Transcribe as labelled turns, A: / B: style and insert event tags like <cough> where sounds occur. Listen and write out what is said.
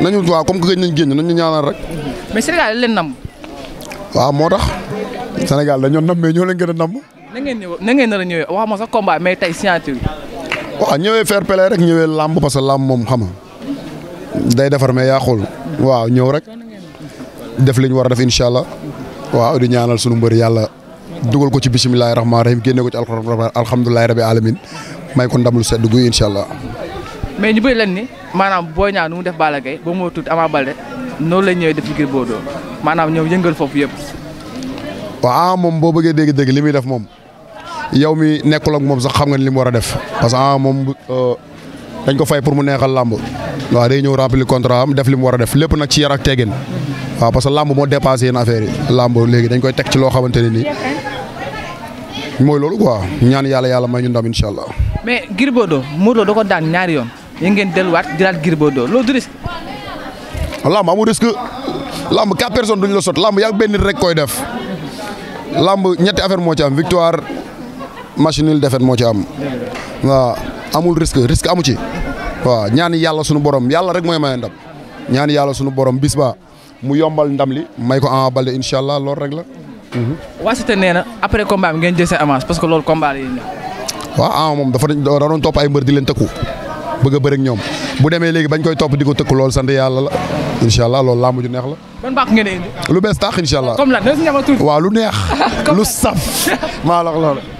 A: nañu waaw comme que gëj nañ génn nañu ñaanal rek. mais Sénégal moo tax Sénégal dañoo nam mais ñoo leen gën a nam.
B: na ngeen ñëw na ngeen a ñëwee wax ma sa combat mais tey signature.
A: waaw ñëwee fair play rek ñëwee làmb parce que làmb moom xam day defar mais yaa xool waaw ñëw rek def li ñu war a def incha allah waaw di ñaanal sunu mbër yàlla dugal ko ci bisimilahi maa rahim génne ko ci alhamdulilahi rabi alamin may ko ndam lu sedd guy incha allah.
B: mais ñu bëri leen ni maanaam Boy Niang mu def Balla Gaye moo tuut Ama Baldé noonu la ñëwee def ci Gris Bordeaux maanaam ñëw yëngal foofu yëpp.
A: waaw moom boo bëggee dégg-dégg li muy def moom yow mi nekkul moom sax xam nga li mu war a def parce que ah moom euh, dañ ko fay pour mu neexal làmb waaw day ñëw remplir contrat am def li mu war a def lépp nag ci yar ak teggin waaw parce que làmb moo dépassé yenn affaire yi làmb léegi dañ koy teg ci xamante ne nii mooy loolu quoi ñaan yàlla yàlla may ñun ndam incha allah.
B: mais Gris Bordeaux Modou Lô da daan ñaari yoon. yéen ngeen delluwaat jëlaat Gris Bordeaux loolu
A: du risque. lamb amul risque lamb quatre personnes duñ la sot lamb yaa benn nit rek koy def lamb ñetti affaire moo ci am victoire machine nul défaite moo ci am waaw amul risque risque amu ci ñaan ñaani yàlla sunu borom yàlla rek mooy maye ndam ñaani yàlla sunu borom bis ba mu yombal ndam li may ko Ama Baldé incha lool loolu rek la.
B: Mhm. waa Cité nee na après combat bi ngeen jël seen parce que loolu combat la ñuy
A: waaw Ama moom dafa doon topp ay mbër di leen bëgg a bëri ñoom bu demee léegi bañ koy topp di ko tëkk lool sant yàlla la incha allah loolu laa mujj neex la. ban bàq lu bees tax incha allah. comme lu neex. <laughs> lu saf <laughs> maa la loolu.